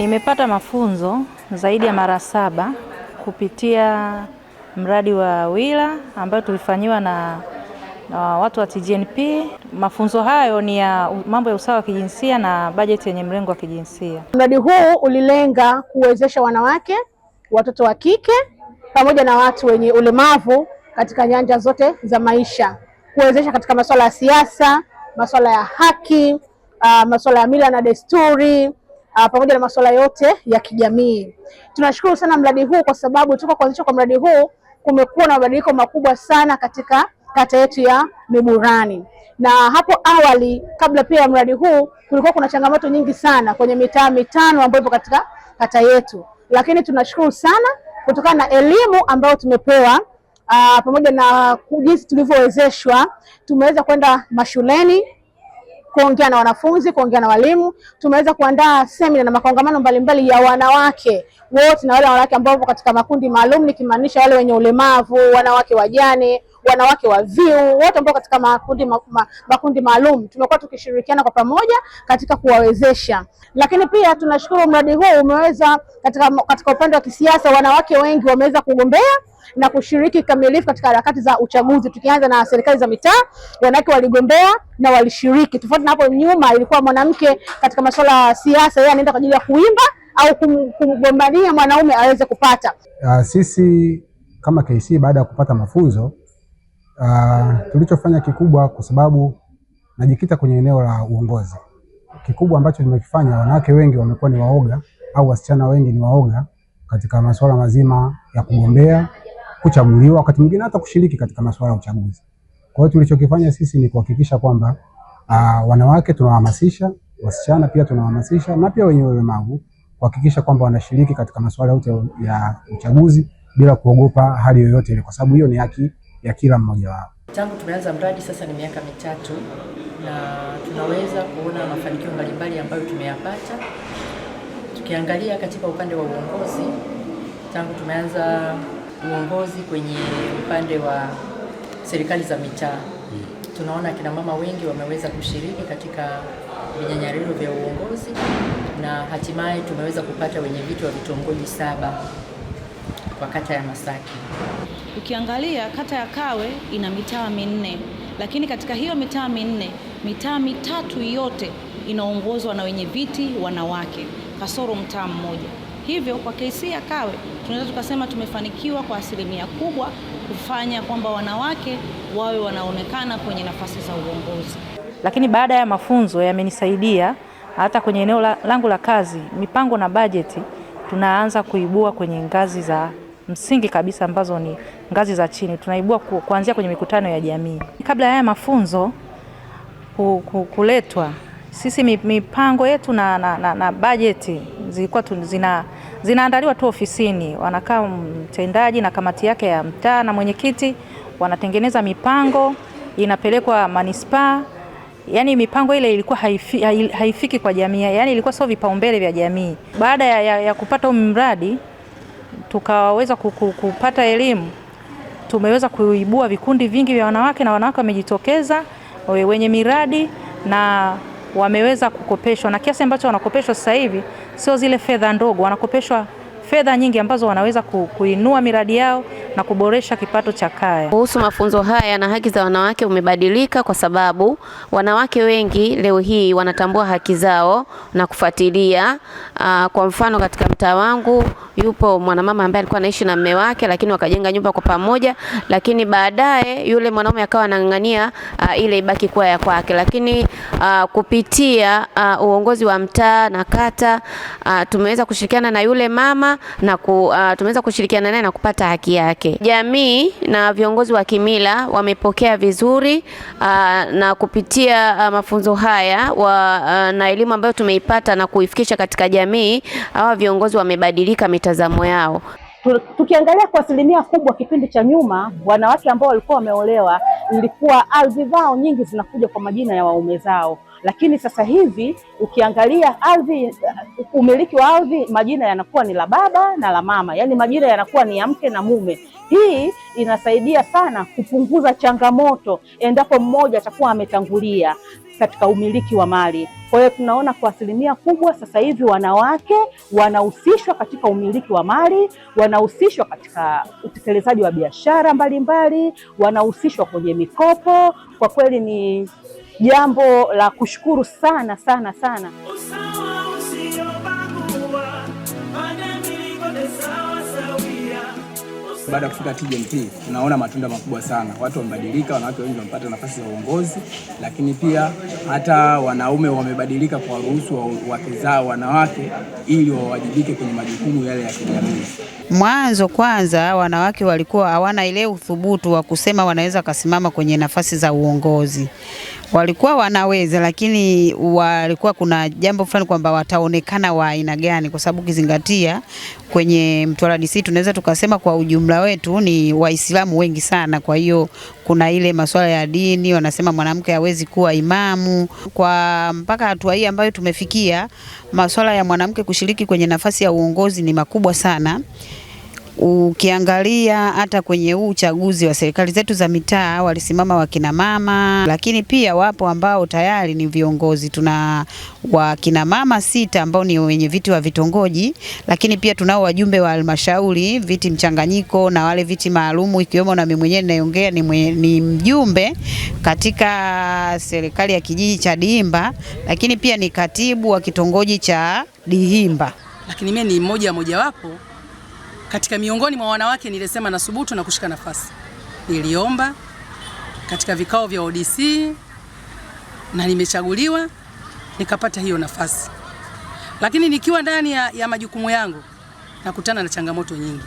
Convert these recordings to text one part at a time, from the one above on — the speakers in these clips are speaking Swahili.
Nimepata mafunzo zaidi ya mara saba kupitia mradi wa WILA ambayo tulifanyiwa na, na watu wa TGNP. Mafunzo hayo ni ya mambo ya usawa wa kijinsia na bajeti yenye mrengo wa kijinsia. Mradi huu ulilenga kuwezesha wanawake, watoto wa kike pamoja na watu wenye ulemavu katika nyanja zote za maisha, kuwezesha katika masuala ya siasa, masuala ya haki, uh, ah, masuala ya mila na desturi Ah, pamoja na masuala yote ya kijamii. Tunashukuru sana mradi huu kwa sababu toka kuanzishwa kwa mradi huu kumekuwa na mabadiliko makubwa sana katika kata yetu ya Miburani na hapo awali kabla pia ya mradi huu kulikuwa kuna changamoto nyingi sana kwenye mitaa mitano ambayo ipo katika kata yetu, lakini tunashukuru sana kutokana na elimu ambayo tumepewa ah, pamoja na jinsi tulivyowezeshwa, tumeweza kwenda mashuleni kuongea na wanafunzi, kuongea na walimu. Tumeweza kuandaa semina na makongamano mbalimbali ya wanawake wote na wale wanawake ambao katika makundi maalum, nikimaanisha wale wenye ulemavu, wanawake wajane wanawake wa VIU wote ambao katika makundi makundi maalum tumekuwa tukishirikiana kwa pamoja katika kuwawezesha. Lakini pia tunashukuru mradi huu umeweza katika, katika upande wa kisiasa wanawake wengi wameweza kugombea na kushiriki kikamilifu katika harakati za uchaguzi, tukianza na serikali za mitaa, wanawake waligombea na walishiriki, tofauti na hapo nyuma ilikuwa mwanamke katika masuala ya siasa, yeye anaenda kwa ajili ya kuimba au kumgombania mwanaume aweze kupata. Uh, sisi kama KC baada ya kupata mafunzo Uh, tulichofanya kikubwa kwa sababu najikita kwenye eneo la uongozi. Kikubwa ambacho nimekifanya, wanawake wengi wamekuwa ni waoga au wasichana wengi ni waoga katika masuala mazima ya kugombea, kuchaguliwa, wakati mwingine hata kushiriki katika masuala ya uchaguzi. Kwa hiyo tulichokifanya sisi ni kuhakikisha kwamba uh, wanawake tunawahamasisha, wasichana pia tunawahamasisha na pia wenye ulemavu kuhakikisha kwamba wanashiriki katika masuala yote ya uchaguzi bila kuogopa hali yoyote ile, kwa sababu hiyo ni haki ya kila mmoja wao. Tangu tumeanza mradi sasa ni miaka mitatu, na tunaweza kuona mafanikio mbalimbali ambayo tumeyapata. Tukiangalia katika upande wa uongozi, tangu tumeanza uongozi kwenye upande wa serikali za mitaa, tunaona kina mama wengi wameweza kushiriki katika vinyanyariro vya uongozi na hatimaye tumeweza kupata wenye viti wa vitongoji saba kwa kata ya Masaki. Ukiangalia kata ya Kawe ina mitaa minne, lakini katika hiyo mitaa minne, mitaa mitatu yote inaongozwa na wenye viti wanawake, kasoro mtaa mmoja. Hivyo kwa kesi ya Kawe tunaweza tukasema tumefanikiwa kwa asilimia kubwa kufanya kwamba wanawake wawe wanaonekana kwenye nafasi za uongozi. Lakini baada ya mafunzo yamenisaidia hata kwenye eneo langu la kazi, mipango na bajeti tunaanza kuibua kwenye ngazi za msingi kabisa ambazo ni ngazi za chini, tunaibua kuanzia kwenye mikutano ya jamii. Kabla ya haya mafunzo kuletwa, sisi mipango yetu na, na, na, na bajeti zilikuwa zina zinaandaliwa tu ofisini, wanakaa mtendaji na kamati yake ya mtaa na mwenyekiti, wanatengeneza mipango inapelekwa manispaa. Yani mipango ile ilikuwa haifi, haifiki kwa jamii, yani ilikuwa sio vipaumbele vya jamii. Baada ya, ya, ya kupata huu mradi tukaweza kupata elimu, tumeweza kuibua vikundi vingi vya wanawake na wanawake wamejitokeza wenye miradi na wameweza kukopeshwa, na kiasi ambacho wanakopeshwa sasa hivi sio zile fedha ndogo, wanakopeshwa fedha nyingi ambazo wanaweza kuinua miradi yao na kuboresha kipato cha kaya. Kuhusu mafunzo haya na haki za wanawake umebadilika kwa sababu wanawake wengi leo hii wanatambua haki zao na kufuatilia. Ah, kwa mfano, katika mtaa wangu yupo mwanamama ambaye alikuwa anaishi na mume wake, lakini wakajenga nyumba kwa pamoja, lakini baadaye yule mwanaume akawa anang'ang'ania ah, ile ibaki kuwa ya kwake, lakini a, ah, kupitia a, uongozi wa mtaa na kata tumeweza kushirikiana na yule mama na ku, uh, tumeweza kushirikiana naye na kupata haki yake. Jamii na viongozi wa kimila wamepokea vizuri uh, na kupitia uh, mafunzo haya wa, uh, na elimu ambayo tumeipata na kuifikisha katika jamii, hawa viongozi wamebadilika mitazamo yao. Tukiangalia kwa asilimia kubwa kipindi cha nyuma, wanawake ambao walikuwa wameolewa, ilikuwa ardhi zao nyingi zinakuja kwa majina ya waume zao. Lakini sasa hivi ukiangalia ardhi, umiliki wa ardhi, majina yanakuwa ni la baba na la mama, yaani majina yanakuwa ni ya mke na mume. Hii inasaidia sana kupunguza changamoto endapo mmoja atakuwa ametangulia katika umiliki wa mali. Kwa hiyo tunaona kwa asilimia kubwa sasa hivi wanawake wanahusishwa katika umiliki wa mali, wanahusishwa katika utekelezaji wa biashara mbalimbali, wanahusishwa kwenye mikopo. Kwa kweli ni jambo la kushukuru sana sana sana. Baada ya kufika TGMP tunaona matunda makubwa sana, watu wamebadilika, wanawake wengi wamepata nafasi za uongozi, lakini pia hata wanaume wamebadilika kwa ruhusu wake zao wanawake ili wawajibike kwenye majukumu yale ya kijamii. Mwanzo kwanza, wanawake walikuwa hawana ile uthubutu wa kusema wanaweza kasimama kwenye nafasi za uongozi walikuwa wanaweza, lakini walikuwa kuna jambo fulani kwamba wataonekana wa aina gani, kwa sababu ukizingatia kwenye Mtwara DC tunaweza tukasema kwa ujumla wetu ni Waislamu wengi sana. Kwa hiyo kuna ile masuala ya dini, wanasema mwanamke hawezi kuwa imamu. Kwa mpaka hatua hii ambayo tumefikia, masuala ya mwanamke kushiriki kwenye nafasi ya uongozi ni makubwa sana ukiangalia hata kwenye huu uchaguzi wa serikali zetu za mitaa walisimama wakina mama, lakini pia wapo ambao tayari ni viongozi. Tuna wakina mama sita ambao ni wenye viti wa vitongoji, lakini pia tunao wajumbe wa halmashauri viti mchanganyiko na wale viti maalumu, ikiwemo na mimi mwenyewe ninaongea ni, mwenye, ni mjumbe katika serikali ya kijiji cha Diimba, lakini pia ni katibu wa kitongoji cha Diimba, lakini mimi ni mmoja wapo katika miongoni mwa wanawake nilisema subutu na kushika nafasi. Niliomba katika vikao vya ODC na nimechaguliwa nikapata hiyo nafasi, lakini nikiwa ndani ya, ya majukumu yangu nakutana na changamoto nyingi,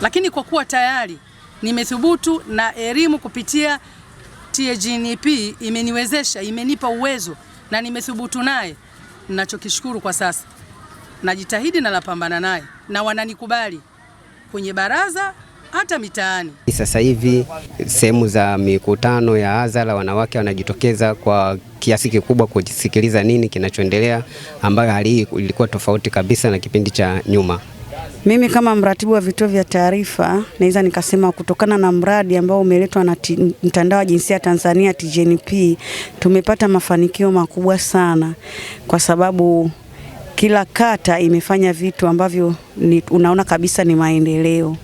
lakini kwa kuwa tayari nimethubutu na elimu kupitia TGNP imeniwezesha, imenipa uwezo na nimethubutu naye, nachokishukuru kwa sasa najitahidi na lapambana naye na wananikubali kwenye baraza hata mitaani. Sasa hivi sehemu za mikutano ya hadhara, wanawake wanajitokeza kwa kiasi kikubwa kusikiliza nini kinachoendelea, ambayo hali hii ilikuwa tofauti kabisa na kipindi cha nyuma. Mimi kama mratibu wa vituo vya taarifa naweza nikasema kutokana na mradi ambao umeletwa na mtandao wa jinsia Tanzania TGNP tumepata mafanikio makubwa sana kwa sababu kila kata imefanya vitu ambavyo ni, unaona kabisa ni maendeleo.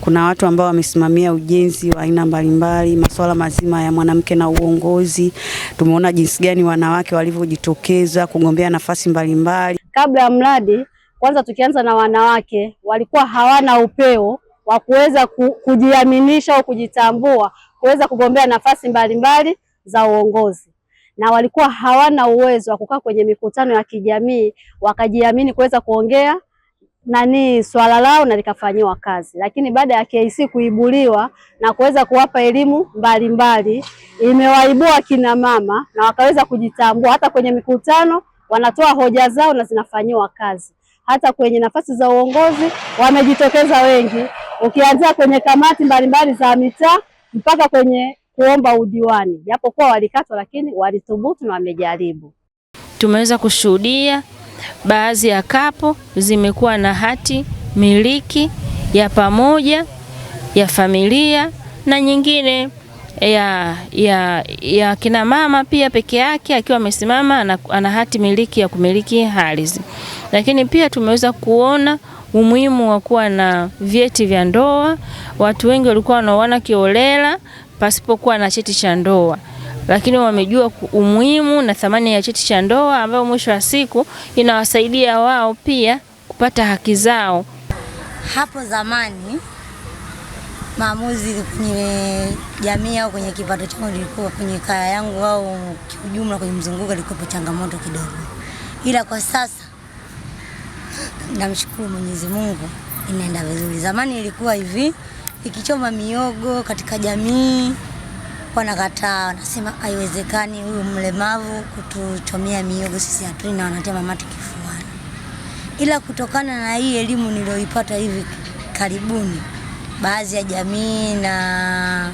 Kuna watu ambao wamesimamia ujenzi wa aina mbalimbali, masuala mazima ya mwanamke na uongozi. Tumeona jinsi gani wanawake walivyojitokeza kugombea nafasi mbalimbali. Kabla ya mradi kwanza, tukianza na wanawake walikuwa hawana upeo wa kuweza kujiaminisha au kujitambua kuweza kugombea nafasi mbalimbali za uongozi na walikuwa hawana uwezo wa kukaa kwenye mikutano ya kijamii wakajiamini kuweza kuongea nani swala lao na likafanyiwa kazi. Lakini baada ya KIC kuibuliwa na kuweza kuwapa elimu mbalimbali, imewaibua kina mama na wakaweza kujitambua, hata kwenye mikutano wanatoa hoja zao na zinafanyiwa kazi. Hata kwenye nafasi za uongozi wamejitokeza wengi, ukianzia kwenye kamati mbalimbali za mitaa mpaka kwenye kuomba udiwani, japokuwa walikatwa, lakini walithubutu na wamejaribu. Tumeweza kushuhudia baadhi ya kapo zimekuwa na hati miliki ya pamoja ya familia na nyingine ya, ya, ya kina mama pia peke yake akiwa amesimama ana, ana hati miliki ya kumiliki ardhi. Lakini pia tumeweza kuona umuhimu wa kuwa na vyeti vya ndoa. Watu wengi walikuwa wanaoana kiolela pasipokuwa na cheti cha ndoa, lakini wamejua umuhimu na thamani ya cheti cha ndoa ambayo mwisho wa siku inawasaidia wao pia kupata haki zao. Hapo zamani maamuzi kwenye jamii au kwenye kipato changu nilikuwa kwenye kaya yangu au kiujumla kwenye mzunguko ilikuwa changamoto kidogo, ila kwa sasa namshukuru Mwenyezi Mungu inaenda vizuri. Zamani ilikuwa hivi ikichoma miogo katika jamii wanakataa, wanasema haiwezekani huyu mlemavu kutuchomea miogo, sisi na wanatema mate kifuani. Ila kutokana na hii elimu niliyoipata hivi karibuni, baadhi ya jamii na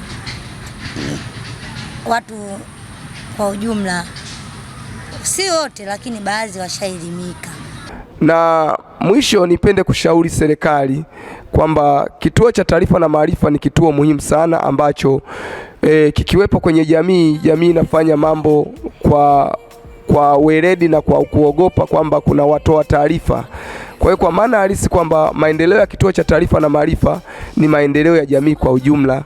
watu kwa ujumla, si wote, lakini baadhi washaelimika. Na mwisho, nipende kushauri serikali kwamba kituo cha taarifa na maarifa ni kituo muhimu sana ambacho e, kikiwepo kwenye jamii, jamii inafanya mambo kwa kwa weledi na kwa kuogopa kwamba kuna watoa taarifa. Kwa hiyo kwa maana halisi kwamba maendeleo ya kituo cha taarifa na maarifa ni maendeleo ya jamii kwa ujumla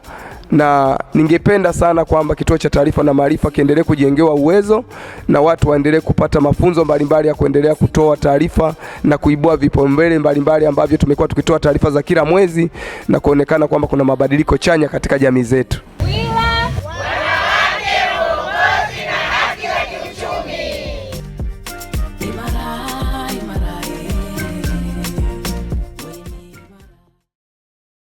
na ningependa sana kwamba kituo cha taarifa na maarifa kiendelee kujengewa uwezo na watu waendelee kupata mafunzo mbalimbali ya kuendelea kutoa taarifa na kuibua vipaumbele mbalimbali ambavyo tumekuwa tukitoa taarifa za kila mwezi na kuonekana kwamba kuna mabadiliko chanya katika jamii zetu.